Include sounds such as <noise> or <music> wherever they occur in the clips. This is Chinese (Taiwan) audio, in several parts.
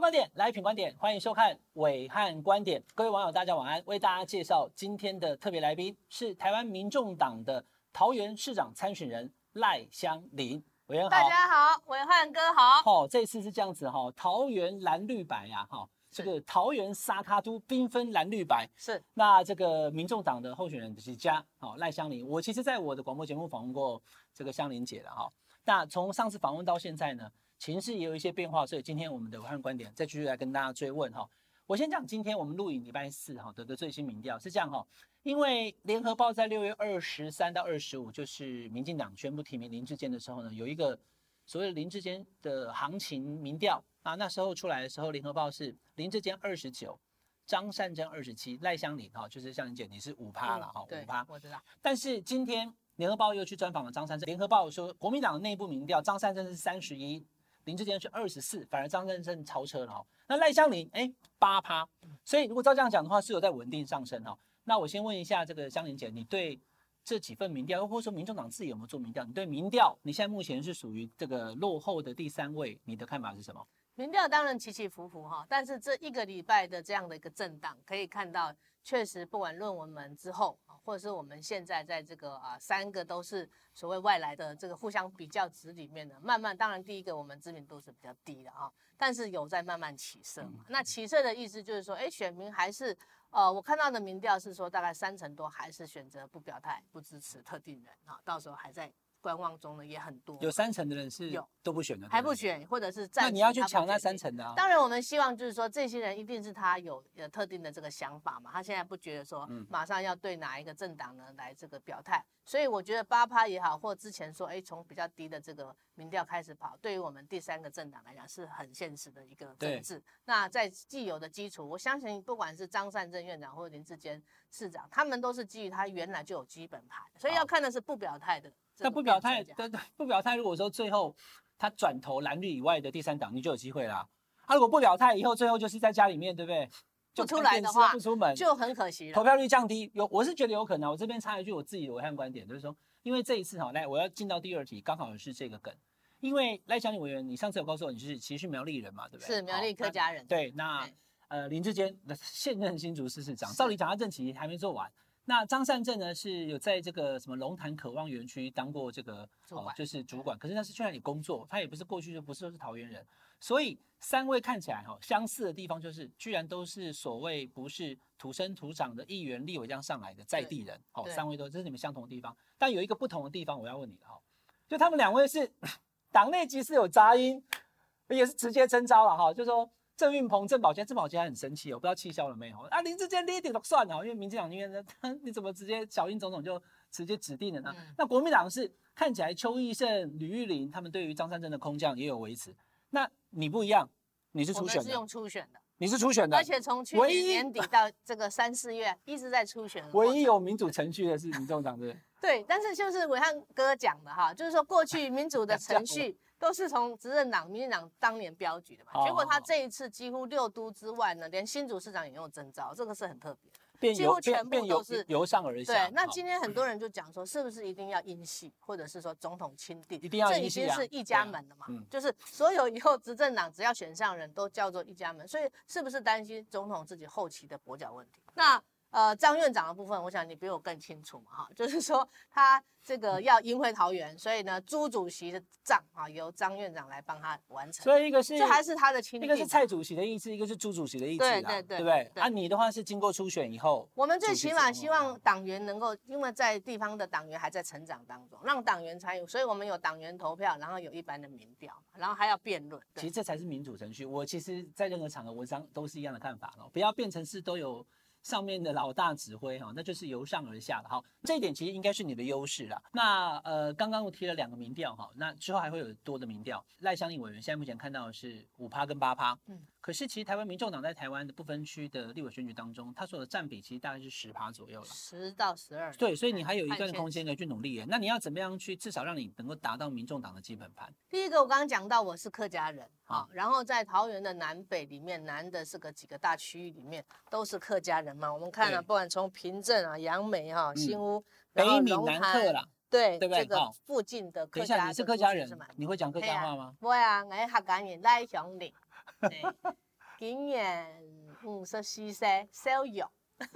觀點來品觀點，歡迎收看暐瀚觀點。各位網友，大家晚安。為大家介紹今天的特別來賓是台灣民眾黨的桃園市長參選人賴香伶。委員好，大家好，暐瀚哥好。好、哦，這次是這樣子哈，桃園藍綠白呀，哈，這個桃園沙卡都繽紛藍綠白是。那這個民眾黨的候選人是佳，好賴香伶。我其實，在我的廣播節目訪問過這個香伶姐的哈、哦。那從上次訪問到現在呢，情勢也有一些變化，所以今天我們的暐瀚觀點再繼續來跟大家追問哈。我先講今天我們錄影禮拜四哈得的最新民調是這樣哈，因為聯合報在六月二十三到二十五，就是民進黨宣布提名林智堅的時候呢，有一個所謂的林智堅的行情民調啊，那時候出來的時候，聯合報是林智堅二十九，張善政二十七，賴香伶哈就是香伶姐你是五趴了哈，五趴、嗯、我知道。但是今天聯合報又去專訪了張善政，聯合報說國民黨內部民調張善政是三十一。林智堅是二十四，反而張善政超車了哦。那賴香伶哎八趴，所以如果照這樣講的話，是有在穩定上升哦。那我先問一下這個香伶姐，你對這幾份民調，又或者說民眾黨自己有沒有做民調？你對民調，你現在目前是屬於這個落後的第三位，你的看法是什麼？民調當然起起伏伏哈，但是這一個禮拜的這樣的一個震盪，可以看到。確實，不管論文門之後或者是我們現在在這個啊，三個都是所謂外來的這個互相比較值裡面的，慢慢，當然第一個我們知名度是比較低的啊，但是有在慢慢起色嘛。那起色的意思就是說，哎，選民還是呃，我看到的民調是說大概三成多還是選擇不表態、不支持特定人啊，到時候還在。觀望中的也很多，有三成的人是有都不選的，還不選或者是暫。那你要去搶那三成的啊？當然，我們希望就是說，這些人一定是他有特定的這個想法嘛。他現在不覺得說馬上要對哪一個政黨呢、嗯、來這個表態，所以我覺得八趴也好，或之前說哎從比較低的這個民調開始跑，對於我們第三個政黨來講是很現實的一個政治。對那在既有的基礎，我相信不管是張善政院長或林智堅市長，他們都是基於他原來就有基本盤，所以要看的是不表態的。他不表態，對不不表態，如果說最後他轉投藍綠以外的第三黨，你就有機會啦。他、啊、如果不表態，以後最後就是在家裡面，對就不對？不出來的話，不出門，就很可惜了。投票率降低，有，我是覺得有可能、啊。我這邊插一句，我自己的暐瀚觀點就是說，因為這一次哈、喔，來，我要進到第二題剛好是這個梗。因為賴香伶委員，你上次有告訴我你是其實是苗栗人嘛，對不對？是苗栗客家人、喔。對，那對呃林智堅，現任新竹市市長，照理講他任期還沒做完？那張善政呢，是有在這個什麼龍潭渴望園區當過這個、哦、就是主管。可是他是去那裡工作，他也不是過去就不是說是桃園人。所以三位看起來哈、哦、相似的地方，就是居然都是所謂不是土生土長的議員、立委這樣上來的在地人。好、哦，三位都這是你們相同的地方。但有一個不同的地方，我要問你了哈、哦。就他們兩位是黨內 <laughs> 即使有雜音，也是直接徵召了哈，就說。鄭運鵬、鄭寶清、鄭寶清還很生氣，我不知道氣消了沒有。啊，林智堅一點都算了，因為民進黨寧願他，你怎麼直接小英總統就直接指定了呢？嗯、那國民黨是看起來邱奕勝、呂玉玲他們對於張善政的空降也有維持。那你不一樣，你是初選的，我是用初選的，你是初選的，而且從去年年底到這個三,三四月一直在初選的。唯一有民主程序的是民眾黨的。 <laughs> 對，但是就是暐瀚哥講的哈，就是說過去民主的程序。啊都是從執政黨、民進黨當年標舉的嘛，哦哦哦哦結果他這一次幾乎六都之外呢，連新竹市長也用徵召，這個是很特別，幾乎全部都是由,由上而下。對、哦，那今天很多人就講說是，是不是一定要英系，或者是說總統欽定，一定要英系、啊、這已經是一家門了嘛，啊嗯、就是所有以後執政黨只要選上人都叫做一家門，所以是不是擔心總統自己後期的跛腳問題？那。呃，張院長的部分，我想你比我更清楚嘛，哈，就是說他這個要贏回桃園，嗯，所以呢，朱主席的賬啊，由張院長來幫他完成。所以一個是這還是他的親弟弟，一個是蔡主席的意思，一個是朱主席的意思，啊，對對對，對不對？按，啊、你的話是經過初選以後，我們最起碼希望黨員能夠，因為在地方的黨員還在成長當中，讓黨員參與，所以我們有黨員投票，然後有一般的民調，然後還要辯論，其實這才是民主程序。我其實在任何場合，文章都是一樣的看法哦，不要變成是都有。上面的老大指揮哈、哦，那就是由上而下的好，這一點其實應該是你的優勢啦。那呃，剛剛我提了兩個民調哈、哦，那之後還會有多的民調。賴香伶委員現在目前看到的是五趴跟八趴，嗯。可是，其實台灣民眾黨在台灣的不分區的立委選舉當中，它所有的占比其實大概是十趴左右了。十到十二。對，所以你還有一段空間可以去努力耶。那你要怎麼樣去，至少讓你能夠達到民眾黨的基本盤？第一個，我剛剛講到我是客家人啊，然後在桃園的南北裡面，南的是個幾個大區域裡面都是客家人嘛。我們看了、啊，不管從平鎮啊、楊梅啊、啊、新屋、嗯、北閩南客啦，對,對,不對，這個附近的。等一下，你是客家人、就是，你會講客家話嗎？不會啊，我客家人在 <laughs> 對，今年五十四歲，小勇。 <laughs>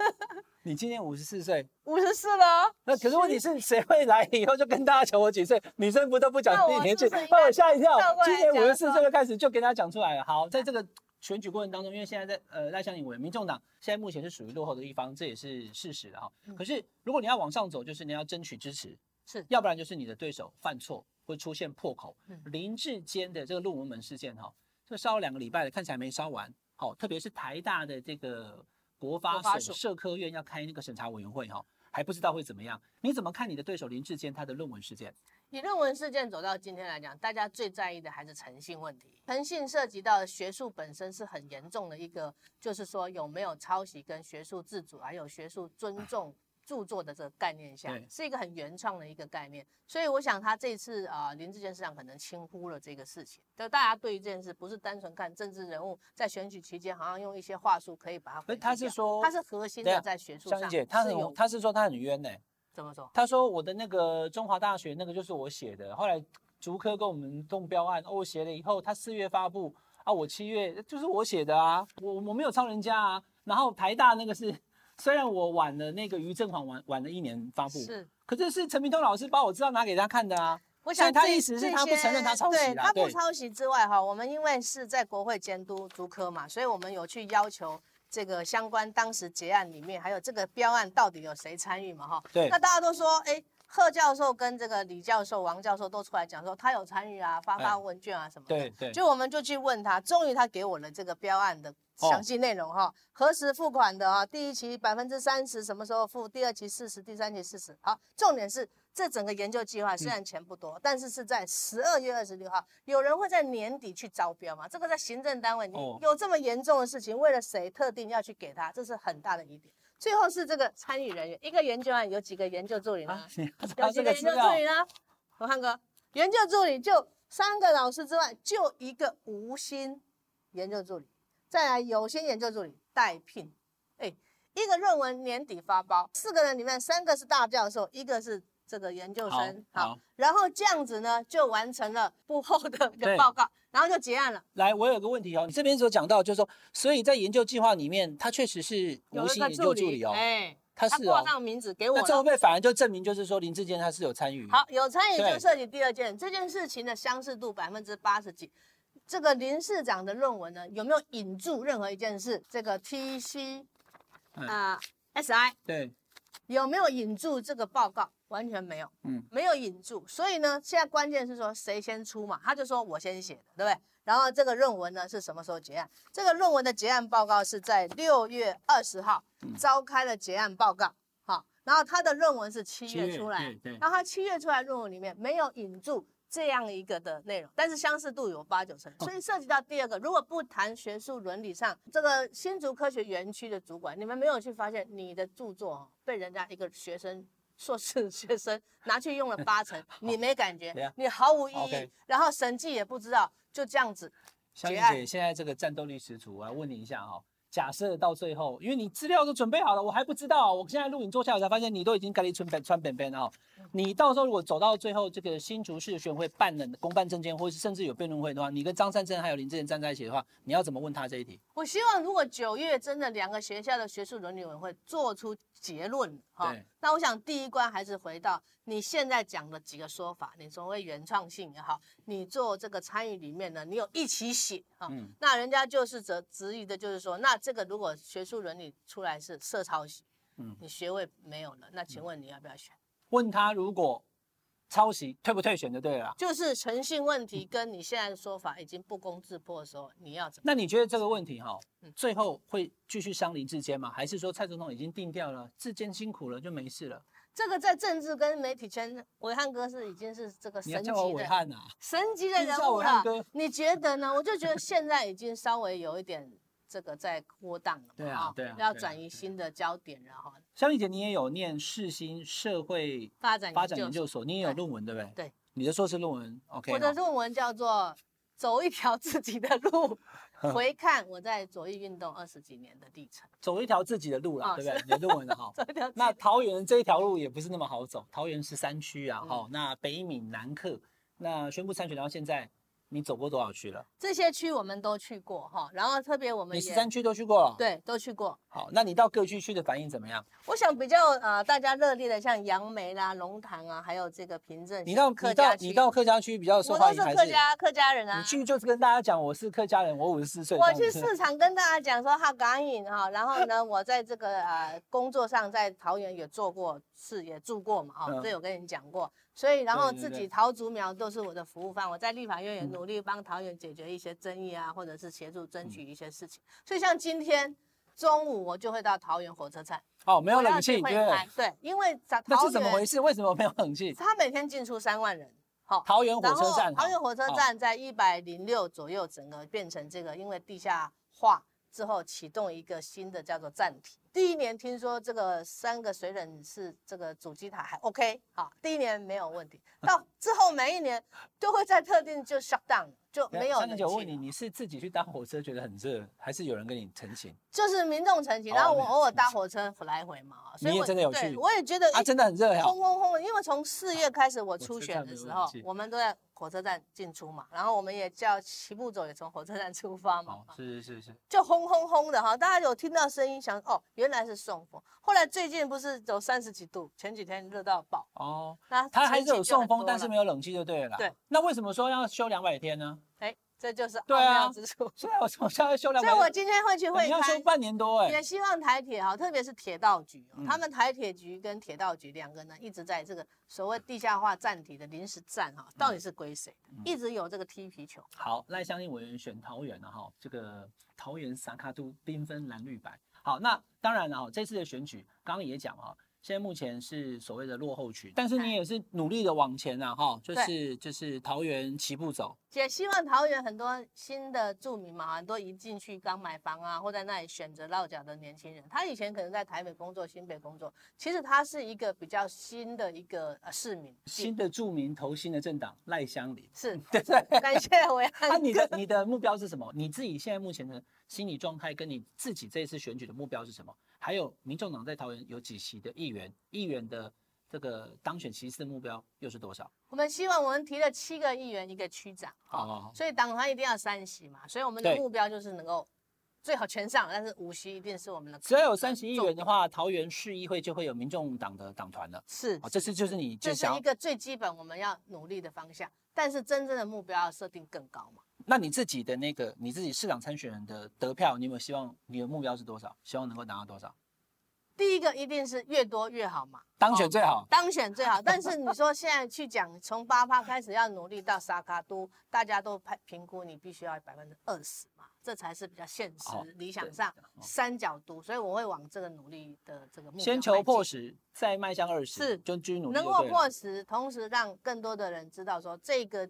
你今年五十四歲，五十四了。那可是問題是，誰會來以後就跟大家求我幾歲？女生不都不講自己年紀，把我嚇一跳。跳今年五十四歲就開始就跟大家講出來了。好，在這個選舉過程當中，因為現在在呃賴香盈賴香伶委員，民眾黨現在目前是屬於落後的一方，這也是事實的哈、哦嗯。可是如果你要往上走，就是你要爭取支持，是，要不然就是你的對手犯錯會出現破口。林智堅的這個論文門事件哈。哦這燒了兩個禮拜了，看起來沒燒完。好、哦，特別是台大的這個國發所社科院，要開那個審查委員會，哈、哦，還不知道會怎麼樣。你怎麼看你的對手林智堅他的論文事件？以論文事件走到今天來講，大家最在意的還是誠信問題。誠信涉及到的學術本身是很嚴重的一個，就是說有沒有抄襲跟學術自主，還有學術尊重。著作的這個概念下，是一個很原創的一個概念，所以我想他這次啊、呃，林智堅市長可能輕忽了這個事情。就大家對於這件事，不是單純看政治人物在選舉期間好像用一些話術可以把它。是，他是說他是核心的在學術上，是他是，是有是他，是他是說他很冤呢、欸？怎麼說？他說我的那個中華大學那個就是我寫的，後來竹科跟我們中標案歐寫、哦、了以後，他四月發布啊，我七月就是我寫的啊，我我沒有抄人家啊，然後台大那個是。雖然我晚了那個余正煌晚晚了一年發佈，是，可是是陳明通老師把我知道拿給他看的啊。我想他意思是，他不承認他抄襲，對，他不抄襲之外哈，我們因為是在國會監督足科嘛，所以我們有去要求這個相關當時結案裡面，還有這個標案到底有誰參與嘛哈。對。那大家都說哎。誒賀教授跟這個李教授、王教授都出來講說，他有參與啊，發發問卷啊什麼的。哎、對對。就我們就去問他，終於他給我了這個標案的詳細內容哈、哦，何時付款的哈，第一期百分之三十什麼時候付，第二期四十，第三期四十。好，重點是這整個研究計劃雖然錢不多，嗯、但是是在十二月二十六號，有人會在年底去招標嗎？這個在行政單位，你有這麼嚴重的事情，哦、為了誰特定要去給他，這是很大的疑點。最後是這個參與人員，一個研究案有幾個研究助理呢？有幾個研究助理呢？羅漢哥，研究助理就三個老師之外，就一個無薪研究助理，再來有薪研究助理待聘。哎，一個論文年底發包，四個人裡面三個是大教授，一個是。這個研究生好，好，好，然後這樣子呢，就完成了不後的一個報告，然後就結案了。來，我有個問題哦，你這邊所講到就是說，所以在研究計劃裡面，他確實是無薪研究助理哦助理，哎，他是哦，他掛上名字給我，那這會被反而就證明就是說林智堅他是有參與？好，有參與就涉及第二件，這件事情的相似度百分之八十幾，這個林市長的論文呢有沒有引注任何一件事？這個 TC 啊、呃哎、SI 對。有沒有引註這個報告？完全沒有，嗯，沒有引註，所以呢，現在關鍵是說，誰先出嘛，他就說我先寫的，對不對？然後這個論文呢是什麼時候結案？這個論文的結案報告是在六月二十號召開了結案報告，嗯，好，然後他的論文是七月出來，七月，然後他七月出來的論文裡面沒有引註。這樣一個的內容，但是相似度有八九成，所以涉及到第二個，如果不談學術倫理上，這個新竹科學園區的主管，你們沒有去發現你的著作、哦、被人家一個學生碩士學生拿去用了八成， <laughs> 你沒感覺、啊，你毫無意義，okay、然後審計也不知道，就這樣子。香伶姐現在這個戰鬥力十足，我來問你一下哈、哦。假設到最後，因為你資料都準備好了，我還不知道。我現在錄影坐下，我才發現你都已經開始穿邊穿邊邊了。哈，你到時候如果走到最後，這個新竹市選會辦的公辦政見，或是甚至有辯論會的話，你跟張善政還有林智堅站在一起的話，你要怎麼問他這一題？我希望如果九月真的兩個學校的學術倫理委員會做出結論，哈。那我想第一關還是回到你現在講的幾個說法，你所謂原創性也好，你做這個參與裡面呢，你有一起寫啊、嗯，那人家就是則質疑的就是說，那這個如果學術倫理出來是涉抄襲、嗯，你學位沒有了，那請問你要不要選？嗯、問他如果。抄襲退不退選就對了、啊，就是誠信問題跟你現在的說法已經不攻自破的時候，你要怎麼？那你覺得這個問題哈、嗯，最後會繼續傷林智堅嗎？還是說蔡總統已經定掉了，智堅辛苦了就沒事了？這個在政治跟媒體圈，暐瀚哥是已經是這個神級的暐瀚、啊、神級的人物了。你覺得呢？我就覺得現在已經稍微有一點這個在波蕩了，對啊，對啊，對，啊對啊，要轉移新的焦點了哈。香伶姐，你也有念世新社會發展發展研究所，你也有論文對，對不對？對，你的碩士論文 OK。我的論文叫做、哦，“走一條自己的路”， <laughs> 回看我在左翼運動二十幾年的歷程。走一條自己的路了、哦，對不對？你的論文的哈。 <laughs> 那桃園這一條路也不是那麼好走，桃園是山區啊。好、嗯哦，那北、閩、南、客，那宣布參選到現在。你走過多少區了？這些區我們都去過哈，然後特別我們你十三區都去過了？對，都去過。好，那你到各區去的反應怎麼樣？我想比較呃大家熱烈的，像楊梅啦、龍潭啊，還有這個平鎮，你到客，你到你到客家區比較受歡迎，我都是客家是客家人啊，你去就是跟大家講，我是客家人，我五十四歲。我去市場跟大家講說好感引哈， <laughs> 然後呢，我在這個啊、呃、工作上在桃園也做過，是也住過嘛哈、哦嗯，所以有跟你講過。所以，然後自己桃竹苗都是我的服務範。我在立法院也努力幫桃園解決一些爭議啊，嗯、或者是協助爭取一些事情。嗯、所以，像今天中午，我就會到桃園火車站。哦，沒有冷氣，對對？對，因為桃園。那是怎麼回事？為什麼沒有冷氣？他每天進出三萬人。好、哦，桃園火車站。桃園火車站在一百零六左右，整個變成這個，哦、因為地下化之後啟動一個新的叫做站體。第一年聽說這個三個水冷是這個主機塔還 OK，好，第一年沒有問題到、嗯。之後每一年都會在特定就 shut down 就沒有了。我問你，你是自己去搭火車覺得很熱，還是有人跟你陳情？就是民眾陳情，oh, 然後我偶爾搭火車來回嘛，所以我。你也真的有趣。對我也覺得也，啊，真的很熱呀，轟轟轟！因為從四月開始我初選的時候、啊我，我們都在火車站進出嘛，然後我們也叫齊步走，也從火車站出發嘛。哦、oh,，是是是是。就轟轟轟的哈，大家有聽到聲音，想哦原來是送風。後來最近不是有三十幾度，前幾天熱到爆。哦、oh,，那它還是有送風，但是。沒有冷氣就對了啦。對，那為什麼說要修兩百天呢？哎，這就是奧妙之處。對、啊，我我現在修兩百，天所以，我今天會去會你要修半年多，哎，也希望台鐵哈，特別是鐵道局、嗯，他們台鐵局跟鐵道局兩個呢，一直在這個所謂地下化站體的臨時站哈、嗯，到底是歸誰的、嗯、一直有這個踢皮球。好，賴香伶委員選桃園了哈，這個桃園撒卡都繽紛藍綠白。好，那當然了這次的選舉剛剛也講啊。現在目前是所謂的落後區，但是你也是努力的往前啊，哈，就是就是桃園齊步走。也希望桃園很多新的住民嘛，很多一進去剛買房啊，或在那裡選擇落腳的年輕人，他以前可能在台北工作、新北工作，其實他是一個比較新的一個呃市民。新的住民投新的政黨。賴香伶，是對是對，感謝暐瀚。那 <laughs> 你的你的目標是什麼？你自己現在目前的心理狀態，跟你自己這一次選舉的目標是什麼？還有民眾黨在桃園有幾席的議員？議員的。這個當選席次的目標又是多少？我們希望我們提了七個議員，一個區長好、哦，所以黨團一定要三席嘛，所以我們的目標就是能夠最好全上，但是五席一定是我們的、的。只要有三席議員的話，桃園市議會就會有民眾黨的黨團了。是，哦、這次就是你就。這是一個最基本我們要努力的方向，但是真正的目標要設定更高嘛？那你自己的那個你自己市長參選人的得票，你有、沒有希望？你的目標是多少？希望能夠達到多少？第一個一定是越多越好嘛，當選最好，哦、當選最好。 <laughs> 但是你說現在去講，從八趴開始要努力到三腳督，大家都判評估你必須要百分之二十嘛，這才是比較現實。哦、理想上三腳督，所以我會往這個努力的這個目標。先求破十，再邁向二十，是就巨努力能夠破十，同時讓更多的人知道說這個。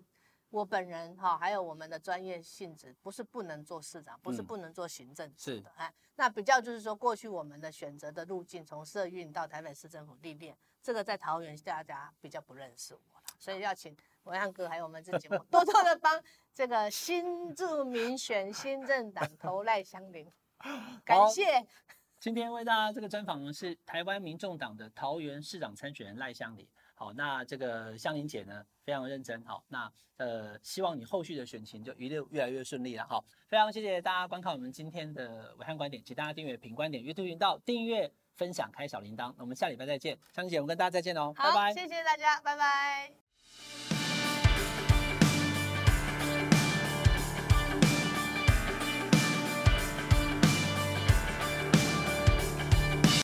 我本人哈、哦，還有我們的專業性質，不是不能做市長，不是不能做行政的、嗯、是的、啊，那比較就是說，過去我們的選擇的路徑，從社運到台北市政府歷練，這個在桃園大家比較不認識我了，所以要請暐瀚哥還有我們這節目多多的幫這個新住民選新政黨投賴香伶。感謝。今天為大家這個專訪是台灣民眾黨的桃園市長參選人賴香伶。好，那這個香伶姐呢，非常認真。好，那呃，希望你後續的選情就一路越來越順利了。好，非常謝謝大家觀看我們今天的暐瀚觀點，請大家訂閱品觀點 YouTube 頻道，訂閱分享開小鈴鐺。那我們下禮拜再見，香伶姐，我們跟大家再見哦，拜拜，謝謝大家，拜拜。